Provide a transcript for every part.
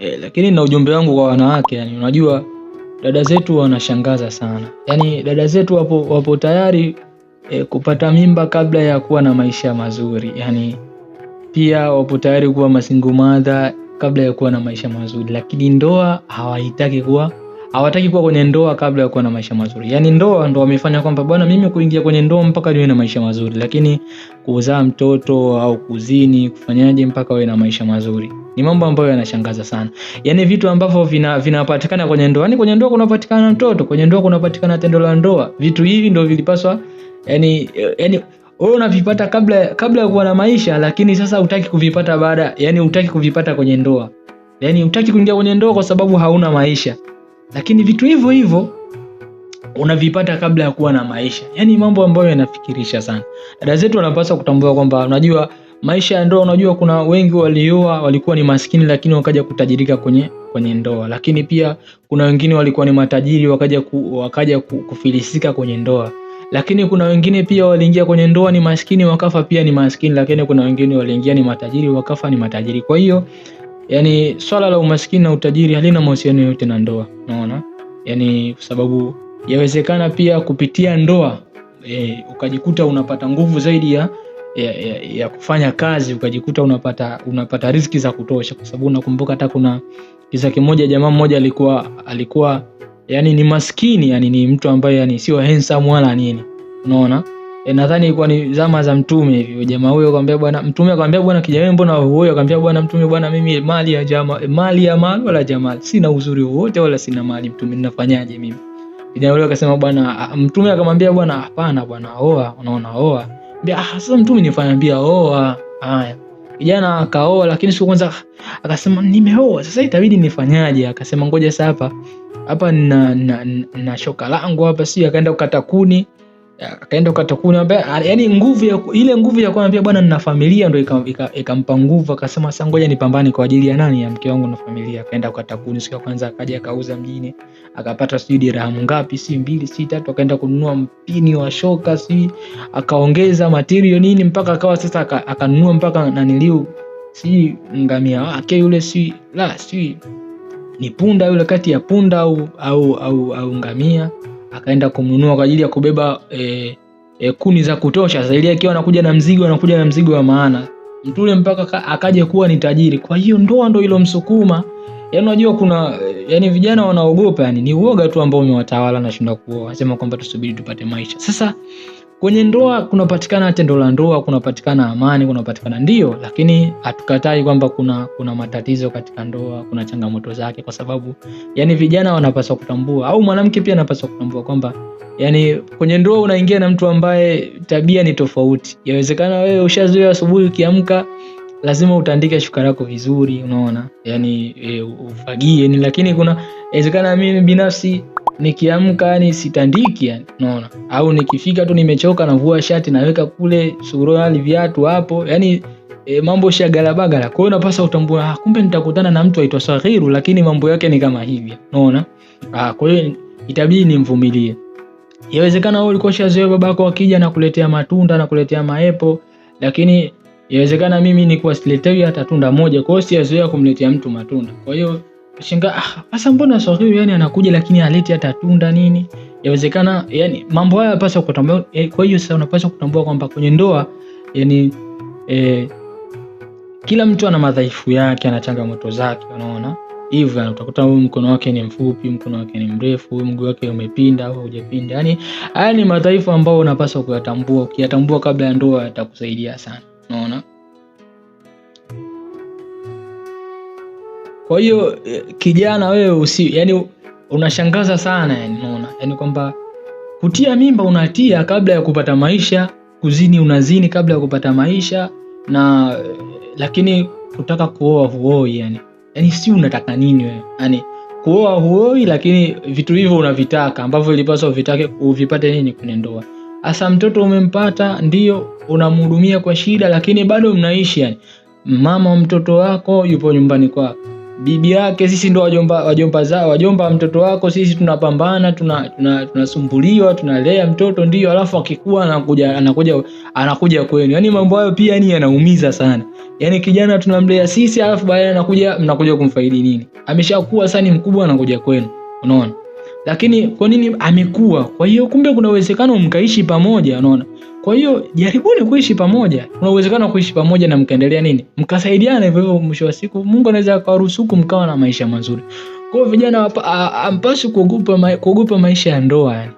E, lakini na ujumbe wangu kwa wanawake yani, unajua dada zetu wanashangaza sana yani, dada zetu wapo, wapo tayari e, kupata mimba kabla ya kuwa na maisha mazuri yani, pia wapo tayari kuwa masingumadha kabla ya kuwa na maisha mazuri, lakini ndoa hawahitaki kuwa hawataki kuwa kwenye ndoa kabla ya kuwa na maisha mazuri. Yaani ndoa ndo wamefanya kwamba bwana, mimi kuingia kwenye ndoa mpaka niwe na maisha mazuri, lakini kuzaa mtoto au kuzini kufanyaje mpaka uwe na maisha mazuri? Ni mambo ambayo yanashangaza sana, yaani vitu ambavyo vinapatikana vina kwenye ndoa. Yaani kwenye ndoa kunapatikana mtoto, kwenye ndoa kunapatikana tendo la ndoa. Vitu hivi ndio vilipaswa yaani yaani wewe unavipata kabla kabla ya kuwa na maisha, lakini sasa hutaki kuvipata baada, yaani hutaki kuvipata kwenye ndoa, Yaani hutaki kuingia kwenye ndoa kwa sababu hauna maisha. Lakini vitu hivyo hivyo unavipata kabla ya kuwa na maisha, yaani mambo ambayo yanafikirisha sana. Dada zetu wanapaswa kutambua kwamba unajua maisha ya ndoa, unajua kuna wengi walioa walikuwa ni maskini, lakini wakaja kutajirika kwenye kwenye ndoa, lakini pia kuna wengine walikuwa ni matajiri wakaja ku, wakaja ku, kufilisika kwenye ndoa, lakini kuna wengine pia waliingia kwenye ndoa ni maskini wakafa pia ni maskini, lakini kuna wengine waliingia ni matajiri wakafa ni matajiri. Kwa hiyo yani swala la umaskini na utajiri halina mahusiano yote na ndoa, unaona yani, kwa sababu yawezekana pia kupitia ndoa e, ukajikuta unapata nguvu zaidi ya ya, ya, ya kufanya kazi ukajikuta unapata unapata riziki za kutosha, kwa sababu nakumbuka hata kuna kisa kimoja, jamaa mmoja alikuwa alikuwa yani ni maskini yani ni mtu ambaye yani sio handsome wala nini, unaona E, nadhani ilikuwa ni zama za mtume hivi. Jamaa huyo akamwambia bwana mtume akamwambia bwana kijana wewe mbona huyo akamwambia bwana mtume bwana mimi mali ya jamaa mali ya mali wala jamaa sina uzuri wowote wala sina mali mtume ninafanyaje mimi? Kijana yule akasema bwana mtume akamwambia bwana hapana bwana oa unaona oa. Mbia ah sasa mtume nifanyambia oa. Haya. Kijana akaoa lakini siku kwanza akasema nimeoa sasa itabidi nifanyaje? Akasema ngoja sasa hapa hapa na na, na shoka langu hapa sio akaenda kukata kuni akaenda ukatakuni yani nguvu ya, ile nguvu ya kuambia bwana nina familia ndo ikampa nguvu akasema sasa ngoja nipambane kwa ajili ya nani ya mke wangu na familia akaenda ukatakuni siku ya kwanza akaja akauza mjini akapata sijui dirhamu ngapi si mbili si tatu akaenda kununua mpini wa shoka si akaongeza material nini mpaka akawa sasa akanunua mpaka naniliu si ngamia wake yule si la si ni punda yule kati ya punda au au au, au ngamia akaenda kumnunua kwa ajili ya kubeba e, e, kuni za kutosha. Sasa ile akiwa anakuja na mzigo anakuja na mzigo wa maana, mtu ule mpaka akaja kuwa ni tajiri. Kwa hiyo ndoa ndo ilomsukuma yaani, unajua kuna yani vijana wanaogopa, yani ni uoga tu ambao umewatawala, nashinda kuoa, sema kwamba tusubiri tupate maisha sasa Kwenye ndoa kunapatikana tendo la ndoa, kunapatikana amani, kunapatikana ndio, lakini hatukatai kwamba kuna kuna matatizo katika ndoa, kuna changamoto zake, kwa sababu yani vijana wanapaswa kutambua, au mwanamke pia anapaswa kutambua kwamba yani kwenye ndoa unaingia na mtu ambaye tabia ni tofauti. Yawezekana wewe ushazoea asubuhi ukiamka lazima utandike shuka lako vizuri, unaona yani e, ufagie ni, lakini kuna inawezekana mimi binafsi nikiamka yani sitandiki yani, unaona au nikifika tu nimechoka navua shati naweka kule suruali viatu hapo yani e, mambo shagalabagala. Kwa hiyo unapasa utambue, ah, kumbe nitakutana na mtu aitwa Saghiru lakini mambo yake ni kama hivi, unaona. Ah, kwa hiyo itabidi nimvumilie. Yawezekana wewe ulikuwa ushazoea babako akija na kuletea matunda na kuletea maepo, lakini yawezekana mimi nilikuwa siletewi hata tunda moja, kwa hiyo sijazoea kumletea mtu matunda, kwa hiyo shangaa ah, sasa, mbona Sowaibu yani anakuja lakini aleti hata tunda nini? Yawezekana yani mambo haya yapaswa kutambua. Eh, kwa hiyo sasa unapaswa kutambua kwamba kwenye ndoa yani eh, kila mtu ana madhaifu yake, ana changamoto zake, unaona hivyo utakuta huyu mkono wake ni mfupi, mkono wake ni mrefu, huyu mguu wake umepinda au hujapinda. Yani haya ni madhaifu ambayo unapaswa kuyatambua. Ukiyatambua kabla ya ndoa, yatakusaidia sana, unaona. Kwa hiyo eh, kijana wewe usi, yani unashangaza sana yani, unaona yani kwamba kutia mimba unatia kabla ya kupata maisha, kuzini unazini kabla ya kupata maisha, na eh, lakini kutaka kuoa huoi yani, yani si unataka nini wewe yani kuoa huoi, lakini vitu hivyo unavitaka ambavyo ilipaswa uvitake uvipate nini kwenye ndoa. Asa mtoto umempata, ndio unamhudumia kwa shida, lakini bado mnaishi yani, mama wa mtoto wako yupo nyumbani kwako bibi yake, sisi ndo wajomba, wajomba zao, wajomba mtoto wako, sisi tunapambana, tunasumbuliwa, tuna, tuna tunalea mtoto ndio, alafu akikua anakuja, anakuja, anakuja kwenu. Yani mambo hayo pia ni yanaumiza sana. Yani kijana tunamlea sisi, alafu baadaye anakuja, mnakuja kumfaidi nini? Ameshakuwa sasa ni mkubwa, anakuja kwenu, unaona. Lakini kwa nini amekuwa? Kwa hiyo kumbe kuna uwezekano mkaishi pamoja, unaona. Kwa hiyo jaribuni kuishi pamoja, kuna uwezekano wa kuishi pamoja na mkaendelea nini, mkasaidiana hivyo hivyo. Mwisho wa siku Mungu anaweza akawaruzuku mkawa na maisha mazuri. Kwa hiyo vijana ampasi kuogopa kuogopa maisha ya ndoa yani.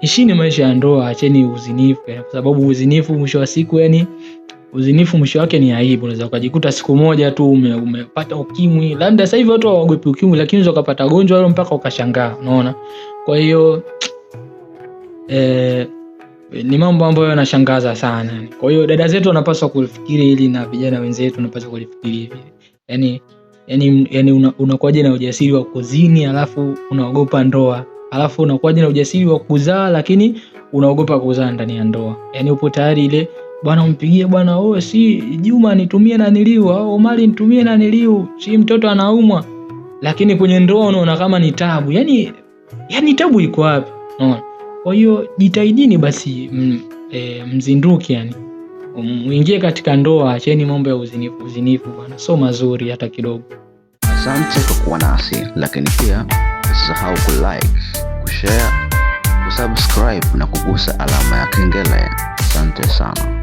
Ishini maisha ya ndoa, acheni uzinifu yani, kwa sababu uzinifu mwisho wa siku yani uzinifu mwisho wake ni aibu. Unaweza ukajikuta siku moja tu umepata ume, ukimwi. Labda sasa hivi watu hawaogopi ukimwi, lakini unaweza ukapata gonjwa hilo mpaka ukashangaa, unaona. Kwa hiyo eh ni mambo ambayo yanashangaza sana. Kwa hiyo dada zetu wanapaswa kulifikiri hili na vijana wenzetu wanapaswa kulifikiri hivi. Yaani yaani yaani una, na ujasiri wa kuzini alafu unaogopa ndoa. Alafu unakuwaje na ujasiri wa kuzaa lakini unaogopa kuzaa ndani ya ndoa. Yaani upo tayari ile bwana umpigie bwana wewe oh, si Juma nitumie na niliu au oh, Omari nitumie na niliu si mtoto anaumwa. Lakini kwenye ndoa unaona kama ni tabu. Yaani yaani tabu iko wapi? Unaona? Kwa hiyo jitahidini basi m, mm, e, mzinduke yani um, mwingie katika ndoa, acheni mambo ya uzinifu. Uzinifu bwana sio mazuri hata kidogo. Asante kwa kuwa nasi, lakini pia usisahau kulike, kushare, subscribe na kugusa alama ya kengele. Asante sana.